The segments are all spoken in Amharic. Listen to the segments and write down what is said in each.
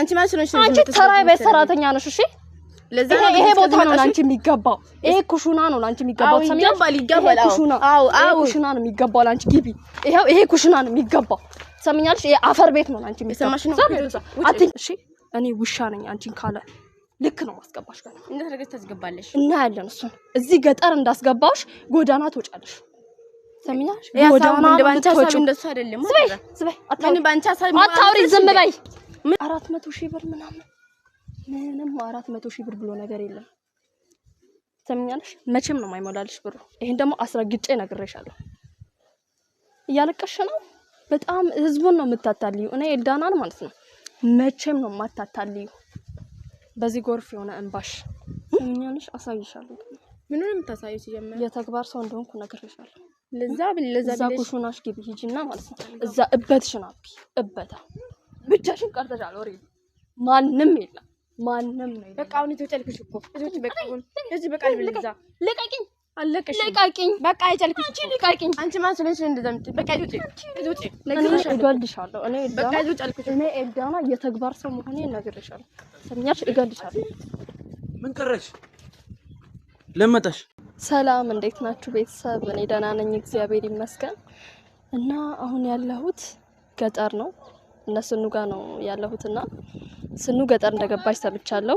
አንቺ ማን ስለሽ ነው? አንቺ ተራ ቤት ሰራተኛ ነሽ። እሺ ለዛ ነው ይሄ ቦታ ነው አንቺ የሚገባው። ይሄ ኩሽና ነው አንቺ የሚገባው። ሰሚ ይገባል፣ ይገባል። አው አው ኩሽና ነው የሚገባው አንቺ ግቢ። ይሄው ይሄ ኩሽና ነው የሚገባው። ሰሚኛልሽ ይሄ አፈር ቤት ነው አንቺ የሚሰማሽ ነው። እሺ እኔ ውሻ ነኝ አንቺን ካለ ልክ ነው ማስገባሽ ጋር እንዳደረገች ታስገባለሽ እና ያለን እሱን እዚህ ገጠር እንዳስገባሽ ጎዳና ትወጫለሽ። ትሰምኛለሽ? ጎዳና እንደባንቻ ሳብ እንደሱ አይደለም። ዝም በይ፣ ዝም በይ፣ አታውሪ፣ ስበይ ስበይ አታውሪ ዝም በይ አራት መቶ ሺህ ብር ምናምን ምንም አራት መቶ ሺህ ብር ብሎ ነገር የለም። ሰምኛለሽ? መቼም ነው ማይሞላልሽ ብሩ። ይሄን ደግሞ አስረግጬ እነግርሻለሁ። እያለቀሽ ነው። በጣም ህዝቡን ነው የምታታልዩ። እኔ ኤልዳናን ማለት ነው መቼም ነው የማታታልዩ። በዚህ ጎርፍ የሆነ እንባሽ ሰምኛለሽ? አሳይሻለሁ። ምኑን የምታሳዩ ሲጀመር የተግባር ሰው እንደሆንኩ እነግርሻለሁ። ለዛ ብለዛ ኩሽናሽ ግቢ ሂጂና ማለት ነው እዛ እበትሽን አብቂ እበታ ብቻሽን ቀርተሻል። ወሬ ማንም የለም ማንም ነው። በቃ አሁን እዚህ እኮ እዚህ በቃ እዚህ በቃ ልብልዛ ልቀቂኝ፣ አለቀሽ። በቃ አንቺ ማን ስለሽ በቃ እዚህ እዚህ እኔ በቃ እዚህ እኔ የተግባር ሰው መሆኔ ሰምኛሽ? ምን ለመጣሽ ሰላም፣ እንዴት ናችሁ ቤተሰብ? እኔ ደህና ነኝ፣ እግዚአብሔር ይመስገን። እና አሁን ያለሁት ገጠር ነው እነ ስኑ ጋር ነው ያለሁትና ስኑ ገጠር እንደገባች ሰምቻለሁ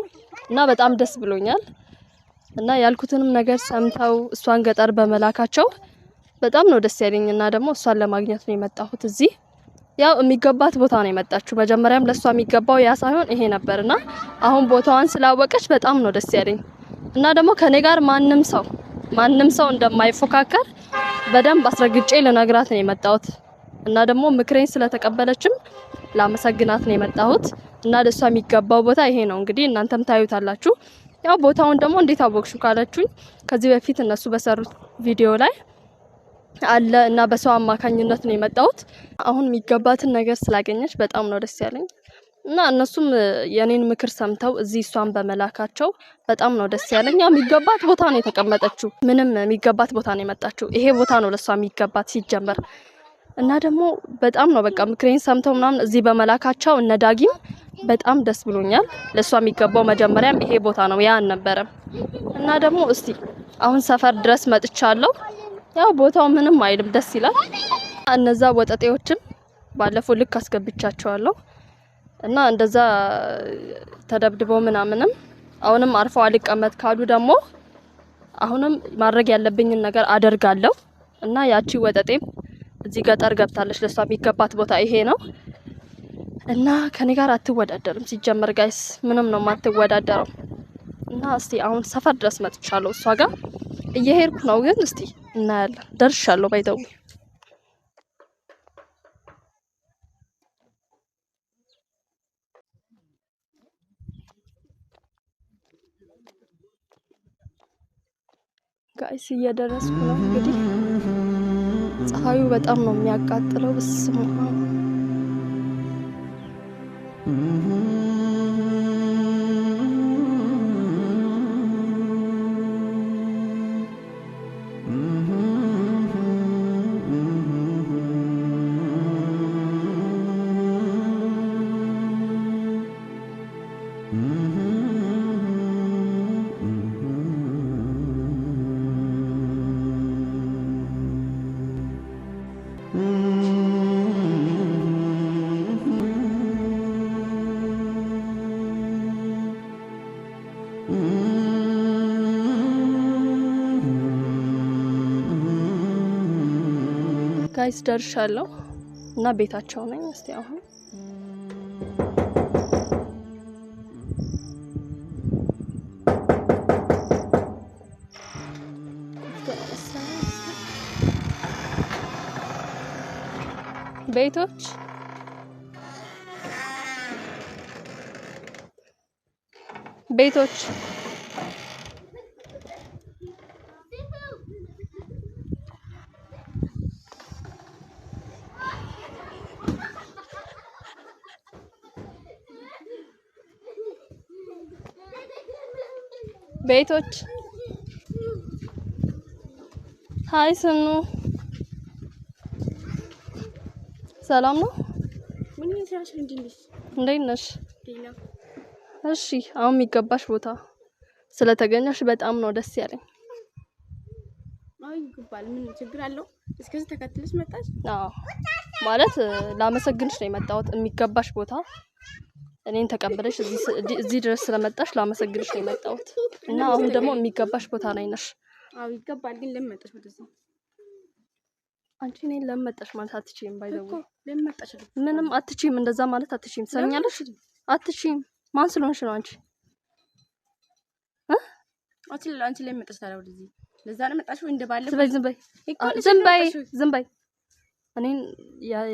እና በጣም ደስ ብሎኛል እና ያልኩትንም ነገር ሰምተው እሷን ገጠር በመላካቸው በጣም ነው ደስ ያለኝ። እና ደግሞ እሷን ለማግኘት ነው የመጣሁት እዚህ። ያው የሚገባት ቦታ ነው የመጣችሁ። መጀመሪያም ለእሷ የሚገባው ያ ሳይሆን ይሄ ነበርና አሁን ቦታዋን ስላወቀች በጣም ነው ደስ ያለኝ። እና ደግሞ ከኔ ጋር ማንም ሰው ማንም ሰው እንደማይፎካከር በደንብ አስረግጬ ልነግራት ነው የመጣሁት እና ደግሞ ምክሬን ስለተቀበለችም ላመሰግናት ነው የመጣሁት እና ለእሷ የሚገባው ቦታ ይሄ ነው። እንግዲህ እናንተም ታዩታላችሁ። ያው ቦታውን ደግሞ እንዴት አወቅሹ ካላችሁኝ ከዚህ በፊት እነሱ በሰሩት ቪዲዮ ላይ አለ እና በሰው አማካኝነት ነው የመጣሁት። አሁን የሚገባትን ነገር ስላገኘች በጣም ነው ደስ ያለኝ እና እነሱም የኔን ምክር ሰምተው እዚህ እሷን በመላካቸው በጣም ነው ደስ ያለኝ። ያው የሚገባት ቦታ ነው የተቀመጠችው። ምንም የሚገባት ቦታ ነው የመጣችው። ይሄ ቦታ ነው ለእሷ የሚገባት ሲጀመር እና ደግሞ በጣም ነው በቃ ምክሬን ሰምተው ምናምን እዚህ በመላካቸው እነ ዳጊም በጣም ደስ ብሎኛል። ለእሷ የሚገባው መጀመሪያም ይሄ ቦታ ነው፣ ያ አልነበረም። እና ደግሞ እስቲ አሁን ሰፈር ድረስ መጥቻለሁ። ያው ቦታው ምንም አይልም፣ ደስ ይላል። እነዛ ወጠጤዎችም ባለፈው ልክ አስገብቻቸዋለሁ እና እንደዛ ተደብድበው ምናምንም አሁንም አርፈው አልቀመጥ ካሉ ደግሞ አሁንም ማድረግ ያለብኝን ነገር አደርጋለሁ እና ያቺ ወጠጤም እዚህ ገጠር ገብታለች። ለሷ የሚገባት ቦታ ይሄ ነው እና ከኔ ጋር አትወዳደርም። ሲጀመር ጋይስ ምንም ነው የማትወዳደረው። እና እስቲ አሁን ሰፈር ድረስ መጥቻለሁ እሷ ጋር እየሄድኩ ነው፣ ግን እስቲ እናያለን። ደርሻለሁ ባይተው ጋይስ እየደረስኩ ነው እንግዲህ ፀሐዩ በጣም ነው የሚያቃጥለው። ብስም ጋይስ ደርሻለሁ እና ቤታቸው ነኝ። እስቲ አሁን ቤቶች ቤቶች ቤቶች ሀይ ስኑ ሰላም ነው። እንዴት ነሽ? እሺ አሁን የሚገባሽ ቦታ ስለተገኘሽ በጣም ነው ደስ ያለኝ። ይገባል። ምን ችግር አለው? እስከዚህ ተከትለሽ መጣሽ? አዎ ማለት ላመሰግንሽ ነው የመጣሁት። የሚገባሽ ቦታ እኔን ተቀበለሽ እዚህ ድረስ ስለመጣሽ ላመሰግንሽ ነው የመጣሁት እና አሁን ደግሞ የሚገባሽ ቦታ ላይ ነሽ። አዎ ይገባል። ግን ለምን መጣሽ ወደዚህ? አንቺ እኔን ለምን መጣሽ ማለት አትችይም። ባይዘው ለምን መጣሽ? ምንም አትችይም። እንደዛ ማለት አትችይም። ትሰሚኛለሽ? አትችይም። ማን ስለሆንሽ ነው አንቺ? አንቺ ለምን መጣሽ ታዲያ ወደዚህ? ለዛ ነው መጣሽ ወይ? እንደባለፈው ዝም በይ፣ ዝም በይ፣ ዝም በይ እኔን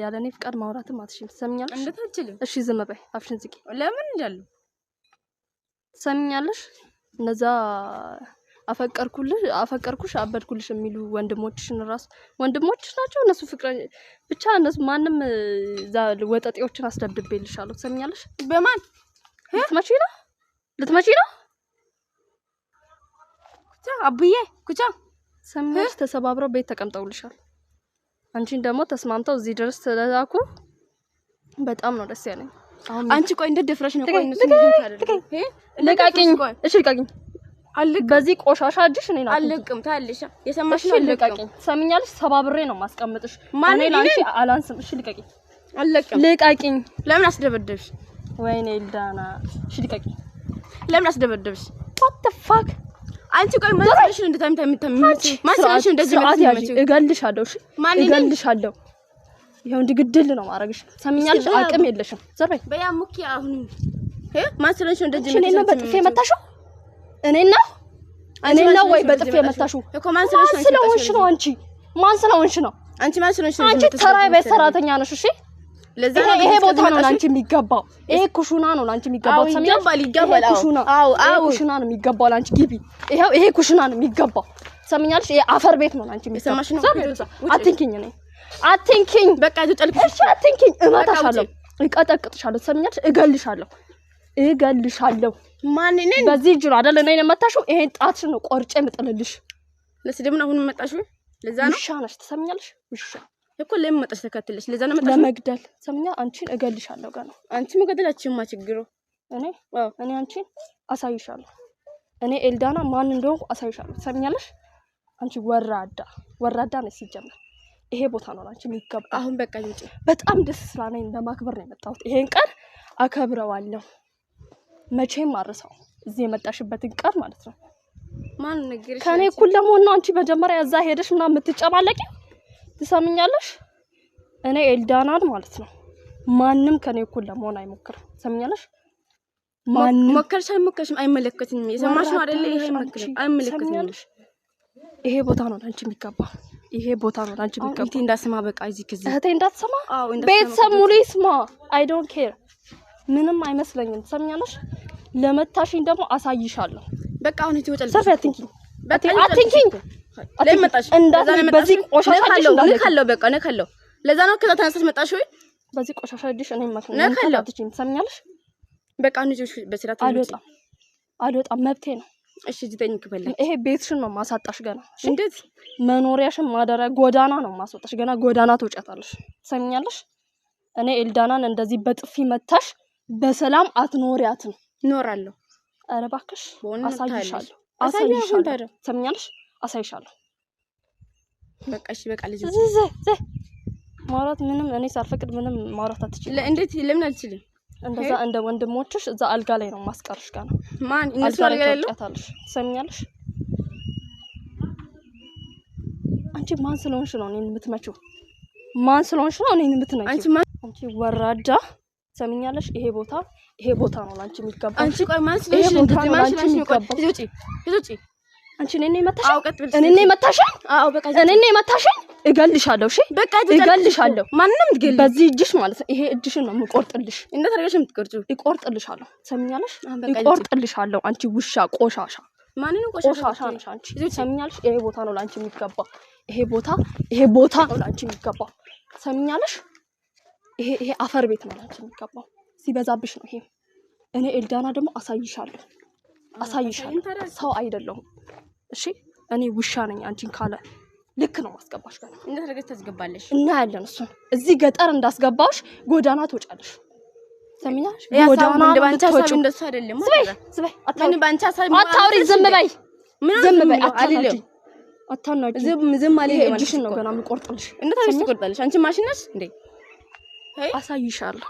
ያለ እኔ ፍቃድ ማውራትም አትችልም። ትሰሚኛለሽ? እንዴት አልችልም? እሺ ዝም በይ፣ አፍሽን ዝጊ። ለምን እንዳሉ ትሰሚኛለሽ? እነዛ አፈቀርኩልሽ፣ አፈቀርኩሽ፣ አበድኩልሽ የሚሉ ወንድሞችሽን ራሱ ወንድሞችሽ ናቸው እነሱ ፍቅረ ብቻ እነሱ ማንም እዛ ወጠጤዎችን አስደብድቤልሻለሁ። ትሰሚኛለሽ? በማን ልትመጪ ነው? ልትመጪ ነው? ኩቻ አብዬ ኩቻ ሰሚያሽ፣ ተሰባብረው ቤት ተቀምጠውልሻል። አንቺን ደግሞ ተስማምተው እዚህ ድረስ ስለላኩ በጣም ነው ደስ ያለኝ። አንቺ ቆይ እንደ ደፍረሽ ነው። ቆይ እነሱ ልቃቂኝ። በዚህ ቆሻሻ እጅሽ እኔ አልለቅም። ታያለሽ፣ የሰማሽ ነው። ልቃቂኝ፣ ትሰሚኛለሽ? ሰባብሬ ነው ማስቀምጥሽ። ማን ለአንቺ አላንስም። እሺ ልቃቂኝ፣ አልለቅም። ልቃቂኝ። ለምን አስደበደብሽ? ወይኔ ልዳና እሺ ልቃቂኝ። ለምን አስደበደብሽ? ዋት ዘ ፋክ አንቺ ቆይ መስለሽ እንደ ታም ታም ታም ማስለሽ መስለሽ እንደዚህ መስለሽ እገልሻለሁ። እሺ ማን እገልሻለሁ? ይሄው እንዲህ ግድል ነው ማረግሽ። ሰሚኛልሽ? አቅም የለሽም። ዘርበይ በያ ሙኪ አሁን እ መስለሽ እንደዚህ መስለሽ እኔና በጥፌ መታሽው። እኔና እኔና ወይ በጥፌ መታሽው እኮ ማን ስለሆንሽ ነው? አንቺ ማን ስለሆንሽ ነው? አንቺ ማን ስለሆንሽ ነው? አንቺ ተራ ቤት ሰራተኛ ነሽ። እሺ ይሄ ቦታ ነው ላንቺ የሚገባው። ይሄ ኩሽና ነው ላንቺ የሚገባው። ይገባል ይገባል። አዎ አዎ፣ ኩሽና ነው የሚገባው ግቢ ይሄው፣ ይሄ ኩሽና ነው የሚገባው። ሰምኛለሽ? ይሄ አፈር ቤት ነው ላንቺ የሚገባው። አትንኪኝ፣ እኔ አትንኪኝ፣ በቃ እሺ አትንኪኝ፣ እመታሻለሁ፣ እቀጠቅጥሻለሁ። ሰምኛለሽ? እገልሻለሁ፣ እገልሻለሁ። ማን በዚህ እጅ ነው አይደል? እኔን የመታሽው ይሄን ጣትሽን ነው ቆርጬ የምጥልልሽ። ለስድብ አሁን ለዛ ነው ውሻ ነሽ። ትሰምኛለሽ? ውሻ እኮ ለምን መጣሽ? ተከትለሽ ለዛ ነው መጣሽ? ለመግደል ሰምኛ አንቺን እገልሻለሁ ጋር ነው። አንቺ መገደላችን ማ ችግሩ? እኔ አዎ እኔ አንቺን አሳይሻለሁ። እኔ ኤልዳና ማን እንደሆንኩ አሳይሻለሁ። ሰምኛለሽ? አንቺ ወራዳ ወራዳ ነሽ ሲጀመር። ይሄ ቦታ ነው አንቺ የሚገባ። አሁን በቃ ይውጪ። በጣም ደስ ስላለኝ ለማክበር ነው የመጣሁት። ይሄን ቀን አከብረዋለሁ። መቼም አርሰው እዚህ የመጣሽበትን ቀን ማለት ነው። ማን ነገርሽ? ከኔ እኩል ለመሆን ነው አንቺ መጀመሪያ እዛ ሄደሽ ምናምን የምትጨማለቂ ትሰምኛለሽ? እኔ ኤልዳናን ማለት ነው ማንም ከኔ እኩል ለመሆን አይሞክርም። ትሰምኛለሽ? ማንም ሞከርሽ አይሞከርሽም አይመለከትኝም። የሰማሽ ነው አይደለ? ይሄ አይመለከትም፣ አይመለከትም። ይሄ ቦታ ነው አንቺ የሚገባ ይሄ ቦታ ነው አንቺ የሚገባ። እህቴ እንዳትሰማ በቃ እዚህ ከዚህ እህቴ እንዳትሰማ። አዎ ቤተሰብ ሙሉ ይስማ። አይ ዶንት ኬር ምንም አይመስለኝም። ትሰምኛለሽ? ለመታሽኝ ደግሞ አሳይሻለሁ። በቃ አሁን እህቴ ወጣለች። ሰፊ አትንኪኝ፣ አትንኪኝ ለምን ለዛ ነው ከዛ ተነሳሽ መጣሽ ወይ በዚህ ቆሻሻ እኔ ማለት ትሰሚኛለሽ? በቃ ንጆሽ በስራት አልወጣም፣ አልወጣም መብቴ ነው። እሺ ጅተኝ ይሄ ቤትሽን ነው ማሳጣሽ። ገና እንዴት መኖሪያሽን ማደሪያ ጎዳና ነው ማስወጣሽ። ገና ጎዳና ትውጫታለሽ። ትሰሚኛለሽ? እኔ ኤልዳናን እንደዚህ በጥፊ መታሽ በሰላም አትኖሪያትም። ኧረ እባክሽ አሳይሻለሁ፣ አሳይሻለሁ። ትሰሚኛለሽ? አሳይሻለሁ። በቃ እሺ፣ በቃ ልጅ ማውራት ምንም እኔ ሳልፈቅድ ምንም ማውራት አትችልም። ለእንዴት ለምን አልችልም? እንደዛ እንደ ወንድሞችሽ እዛ አልጋ ላይ ነው ማስቀርሽ። ጋር ነው ማን እነሱ አልጋ ላይ ያለሽ ትሰሚኛለሽ። አንቺ ማን ስለሆንሽ ነው እኔን የምትመጪው? ማን ስለሆንሽ ነው እኔን የምትመጪው? አንቺ ማን አንቺ ወራዳ ትሰሚኛለሽ። ይሄ ቦታ ይሄ ቦታ ነው ላንቺ የሚገባው። አንቺ ቆይ ማን ስለሆንሽ ነው? ቆይ አንቺ እኔ ነኝ መታሽ? አዎ እኔ ነኝ አዎ በቃ እኔ ነኝ እገልሻለሁ። እሺ በቃ እገልሻለሁ። ማንንም ትገልሽ በዚህ እጅሽ ማለት ነው። ይሄ እጅሽን ነው የምቆርጥልሽ። እንዴት አድርገሽ የምትቆርጪው? እቆርጥልሻለሁ። ሰምኛለሽ? እቆርጥልሻለሁ። አንቺ ውሻ ቆሻሻ ማንንም ቆሻሻ ነሽ አንቺ። ሰምኛለሽ? ይሄ ቦታ ነው ለአንቺ የሚገባ። ይሄ ቦታ ይሄ ቦታ ነው ለአንቺ የሚገባ። ሰምኛለሽ? ይሄ ይሄ አፈር ቤት ነው ለአንቺ የሚገባው። ሲበዛብሽ ነው ይሄ። እኔ ኤልዳና ደግሞ አሳይሻለሁ፣ አሳይሻለሁ። ሰው አይደለሁም እሺ እኔ ውሻ ነኝ አንቺን ካለ ልክ ነው ማስገባሽ ጋር እንዳደረገች ታስገባለሽ። እና ያለን እሱን እዚህ ገጠር እንዳስገባሽ ጎዳና ትወጫለሽ። ሰሚናሽ ጎዳና እንደባንቻ ሳብ እንደሱ አይደለም። ስበይ ዝም አታውሪ፣ ዝም በይ፣ ምን ዝም በይ፣ አታናጂ አታናጂ፣ ዝም ዝም አለ። ይሄ ነው ገና የምቆርጥልሽ። እንዴት አድርገሽ ትቆርጣለሽ? አንቺ ማሽን ነሽ እንዴ? አሳይሻለሁ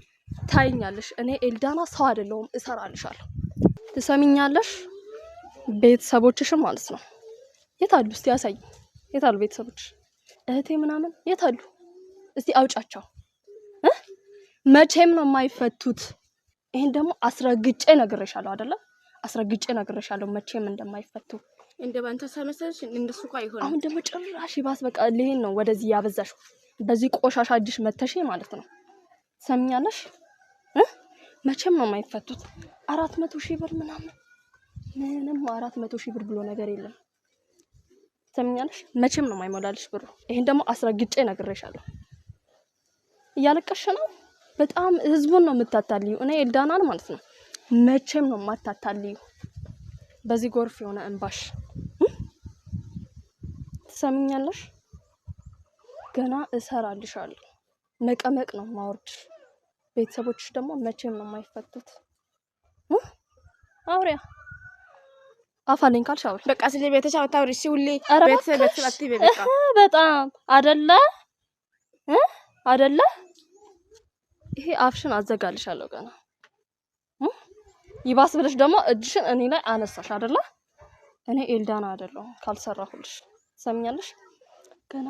ታይኛለሽ። እኔ ኤልዳና ሰው አይደለሁም፣ እሰራልሻለሁ። ትሰሚኛለሽ? ቤተሰቦችሽም ማለት ነው የት አሉ? እስቲ ያሳይ። የት አሉ ቤተሰቦች? እህቴ ምናምን የት አሉ? እስቲ አውጫቸው። መቼም ነው የማይፈቱት። ይህን ደግሞ አስረግጬ ነግሬሻለሁ፣ አደለ? አስረግጬ ነግሬሻለሁ፣ መቼም እንደማይፈቱ እንደ ሰመሰልሽ እንደሱ እኮ አይሆንም። አሁን ደግሞ ጭራሽ ይባስ በቃ ልሄን ነው ወደዚህ ያበዛሽው። በዚህ ቆሻሻ እጅሽ መተሽ ማለት ነው። ትሰሚኛለሽ? መቼም ነው የማይፈቱት። አራት መቶ ሺህ ብር ምናምን ምንም አራት መቶ ሺህ ብር ብሎ ነገር የለም። ትሰምኛለሽ? መቼም ነው የማይሞላልሽ ብሩ። ይሄን ደግሞ አስረግጬ እነግርሻለሁ። እያለቀሽ ነው። በጣም ህዝቡን ነው የምታታልዩ። እኔ ኤልዳናን ማለት ነው መቼም ነው የማታታልዩ። በዚህ ጎርፍ የሆነ እንባሽ ትሰምኛለሽ? ገና እሰራልሻለሁ። መቀመቅ ነው ማወርድ ቤተሰቦች ደግሞ መቼም ነው የማይፈቱት። አውሪያ አፋለኝ ካልሽ አውሪ። በቃ ስለ ቤተሰብ አታውሪ። እሺ ሁሌ ቤተሰብ ቤተሰብ አትይ። በቃ በጣም አደለ አደለ። ይሄ አፍሽን አዘጋልሻለሁ ገና። ይባስ ብለሽ ደግሞ እጅሽን እኔ ላይ አነሳሽ አይደለ? እኔ ኤልዳና አይደለሁም ካልሰራሁልሽ። ሰምኛለሽ። ገና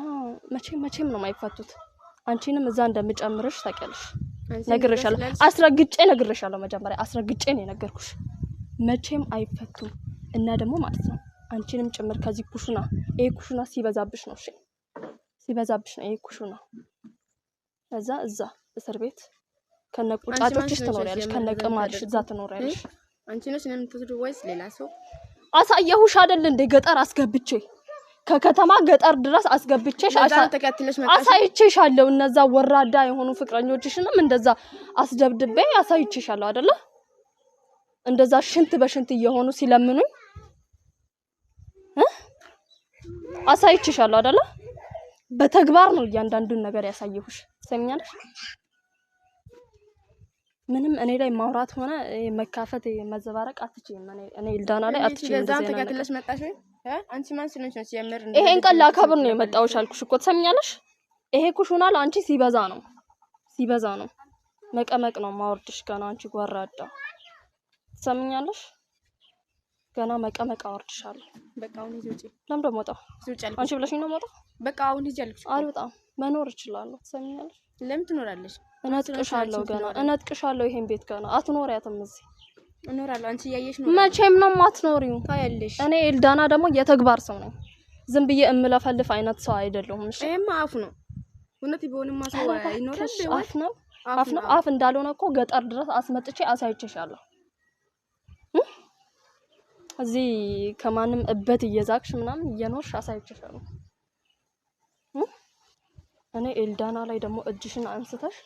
መቼም መቼም ነው የማይፈቱት። አንቺንም እዛ እንደምጨምርሽ ታውቂያለሽ። ነግሬሻለሁ። አስረግጬ ነግሬሻለሁ። መጀመሪያ አስረግጬ ነው የነገርኩሽ። መቼም አይፈቱም እና ደግሞ ማለት ነው አንቺንም ጭምር ከዚህ ኩሹና ይሄ ኩሹና ሲበዛብሽ ነው እሺ፣ ሲበዛብሽ ነው ይሄ ኩሹና። ከዛ እዛ እስር ቤት ከነ ቁጫጮችሽ ትኖሪያለሽ፣ ከነ ቅማልሽ እዛ ትኖሪያለሽ። አንቺ ነሽ ለምን ትወስዱ ወይስ ሌላ ሰው? አሳየሁሽ አይደል እንደ ገጠር አስገብቼ ከከተማ ገጠር ድረስ አስገብቼሽ አሳይቼሻለሁ። እነዛ ወራዳ የሆኑ ፍቅረኞችሽንም እንደዛ አስደብድቤ አሳይቼሻለሁ አይደለ? እንደዛ ሽንት በሽንት እየሆኑ ሲለምኑኝ አሳይቼሻለሁ አይደለ? በተግባር ነው እያንዳንዱን ነገር ያሳየሁሽ። ሰሚኛለሽ? ምንም እኔ ላይ ማውራት ሆነ መካፈት መዘባረቅ አትችልም። እኔ ልዳና ላይ አትችልም። ለዛም መጣሽ አንቺ ማን ስለሆንሽ ነው? ሲጀምር ይሄን ቀን ላከብር ነው የመጣሁሽ አልኩሽ እኮ ትሰሚኛለሽ። ይሄ ኩሽናል አንቺ ሲበዛ ነው ሲበዛ ነው መቀመቅ ነው ማወርድሽ። ገና አንቺ ጓራዳ ትሰሚኛለሽ። ገና መቀመቅ አወርድሻለሁ። በቃ አሁን ሂጂ ውጪ። ለምን ደግሞ ወጣሁ? አንቺ ብለሽኝ ነው የምወጣው። በቃ አሁን ሂጂ አልኩሽ። አልወጣም። መኖር እችላለሁ። ትሰሚኛለሽ ለምን ትኖራለች? እነጥቅሻለሁ ገና እነጥቅሻለሁ። ይሄን ቤት ገና አትኖሪያትም። እዚህ እኖራለሁ። አንቺ እያየሽ ነው። መቼም ነው የማትኖሪው። ታያለሽ። እኔ ኤልዳና ደግሞ የተግባር ሰው ነኝ። ዝም ብዬ እምለፈልፍ አይነት ሰው አይደለሁም። እሺ ይሄማ አፍ ነው እውነት ቢሆንም ማሰው አይኖርሽ። አፍ ነው አፍ ነው አፍ እንዳልሆነ እኮ ገጠር ድረስ አስመጥቼ አሳይቼሻለሁ። እዚህ ከማንም እበት እየዛቅሽ ምናምን እየኖርሽ አሳይቼሻለሁ። እኔ ኤልዳና ላይ ደግሞ እጅሽን አንስተሽ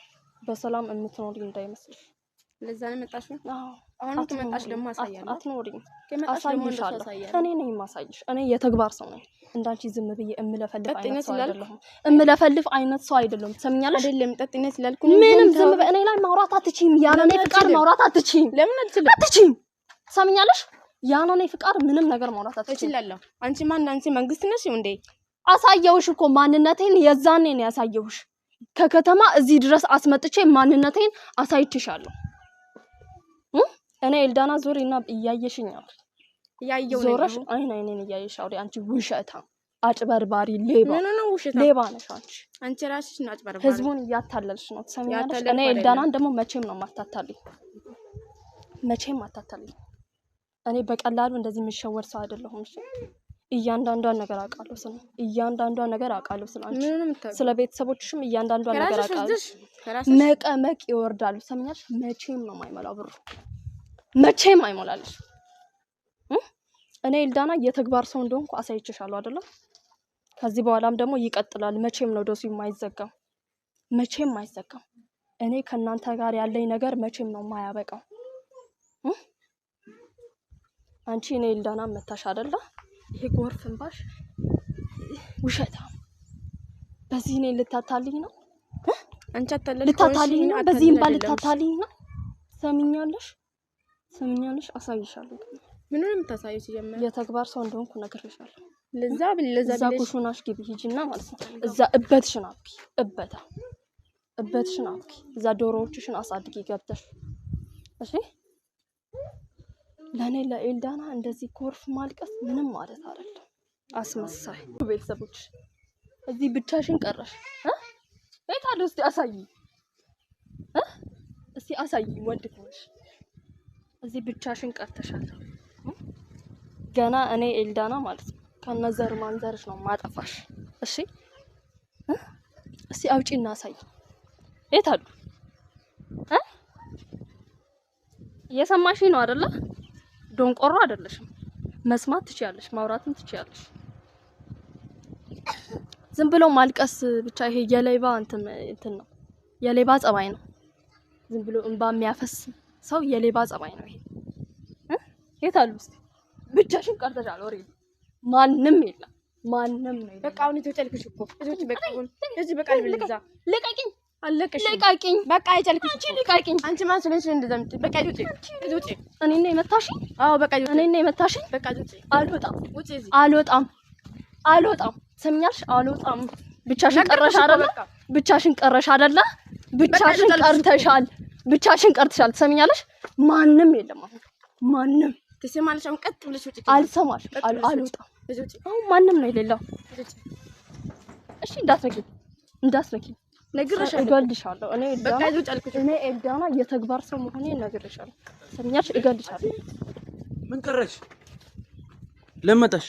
በሰላም የምትኖሪ እንዳይመስልሽ። ለዛ ነው የመጣሽ። አሁን ከመጣሽ ደግሞ አሳያለሁ። አትኖሪም። አሳይሻለሁ። እኔ ነኝ የማሳይሽ። እኔ የተግባር ሰው ነኝ። እንዳንቺ ዝም ብዬ እምለፈልፍ አይነት ሰው አይደለሁም። እምለፈልፍ አይነት ሰው አይደለሁም። ትሰምኛለሽ? አይደለም ጠጥነት ስላልኩ ምንም ዝም በእኔ ላይ ማውራት አትችይም። ያለ እኔ ፍቃድ ማውራት አትችይም። ለምን አልችልም? አትችይም። ትሰምኛለሽ? ያለ እኔ ፍቃድ ምንም ነገር ማውራት አትችይም። እችላለሁ። አንቺ ማን? አንቺ መንግስት ነሽ እንዴ? አሳየውሽ እኮ ማንነቴን የዛኔ ነው ያሳየውሽ። ከከተማ እዚህ ድረስ አስመጥቼ ማንነቴን አሳይትሻለሁ። እኔ ኤልዳና ዞሪና እያየሽኝ አሉ ያየው ነው ዞረሽ አይን አይኔን እያየሽ አውሪ። አንቺ ውሸታ፣ አጭበርባሪ፣ ሌባ ነው ነው ውሸታ፣ ሌባ ነሽ አንቺ። አንቺ ራስሽ ነው አጭበርባሪ። ህዝቡን እያታለልሽ ነው። ትሰሚያለሽ? እኔ ኤልዳናን ደግሞ መቼም ነው ማታታልኝ፣ መቼም አታታልኝ። እኔ በቀላሉ እንደዚህ የምሸወድ ሰው አይደለሁም። እሺ እያንዳንዷን ነገር አውቃለሁ ስለ እያንዳንዷን ነገር አውቃለሁ ስለ አንቺ ስለ ቤተሰቦችሽም እያንዳንዷን ነገር አውቃለሁ። መቀመቅ ይወርዳሉ። ሰምኛል። መቼም ነው የማይሞላው ብሩ፣ መቼም አይሞላልሽ። እኔ ኤልዳና የተግባር ሰው እንደሆንኩ አሳይቼሻለሁ አይደለ? ከዚህ በኋላም ደግሞ ይቀጥላል። መቼም ነው ደሱ የማይዘጋም፣ መቼም አይዘጋም። እኔ ከእናንተ ጋር ያለኝ ነገር መቼም ነው የማያበቃው። አንቺ እኔ ኤልዳና መታሽ አይደለ? ይሄ ጎርፍ እንባሽ ውሸታ በዚህ እኔ ልታታልኝ ነው አንቺ አታለልሽ፣ ልታታልኝ ነው በዚህ እንባ ልታታልኝ ነው። ሰምኛለሽ፣ ሰምኛለሽ፣ አሳይሻለሁ። ምን ነው የምታሳዩ? ሲጀመር የተግባር ሰው እንደሆንኩ ነግሬሻለሁ። ለዛ ብል ለዛ ብል ኩሽናሽ ግቢ ሂጂና ማለት ነው። እዛ እበትሽን አብቂ፣ እበታ እበትሽን አብቂ። እዛ ዶሮዎችሽን አሳድጊ ገብተሽ እሺ ለእኔ ለኤልዳና እንደዚህ ኮርፍ ማልቀስ ምንም ማለት አይደለም። አስመሳይ ቤተሰቦች፣ እዚህ ብቻሽን ቀረሽ። ቤት አለ እስቲ አሳይ፣ እስቲ አሳይ ወንድ ከሆንሽ እዚህ ብቻሽን ቀርተሻል። ገና እኔ ኤልዳና ማለት ነው ከነዘር ማንዘርሽ ነው ማጠፋሽ። እሺ እስቲ አውጪ እና የት አሉ? እየሰማሽ ነው አይደለ? ዶንቆሮ አይደለሽም። መስማት ትችያለሽ፣ ማውራትም ትችያለሽ። ዝም ብሎ ማልቀስ ብቻ ይሄ የሌባ እንትን እንትን ነው፣ የሌባ ጸባይ ነው። ዝም ብሎ እንባ የሚያፈስ ሰው የሌባ ጸባይ ነው። ይሄ የት አሉ? እስኪ ብቻሽን ቀርተሻል። ወሬ ማንም የለም፣ ማንም ነው። በቃ አሁን ኢትዮጵያ ልክሽ እኮ ልቀቂኝ አለቀሽ። በቃ አልወጣም፣ አልወጣም፣ አልወጣም። ብቻሽን ቀረሽ አይደለ? ብቻሽን ቀረሽ አይደለ? ብቻሽን ቀርተሻል። ብቻሽን ቀርተሻል። ትሰምኛለሽ? ማንም የለም አሁን ማንም አሁን ቀጥ ብለሽ ውጪ። አልሰማሽ። አልወጣም። አሁን ማንም ነው የሌለው። እሺ እንዳትነኪኝ፣ እንዳትነኪኝ እገልሻለሁ። እኔ እኔ ኤልዳና የተግባር ሰው መሆኔ ነግሬሻለሁ። ሰምኛሽ? እገልሻለሁ። ምን ቀረሽ? ለመጣሽ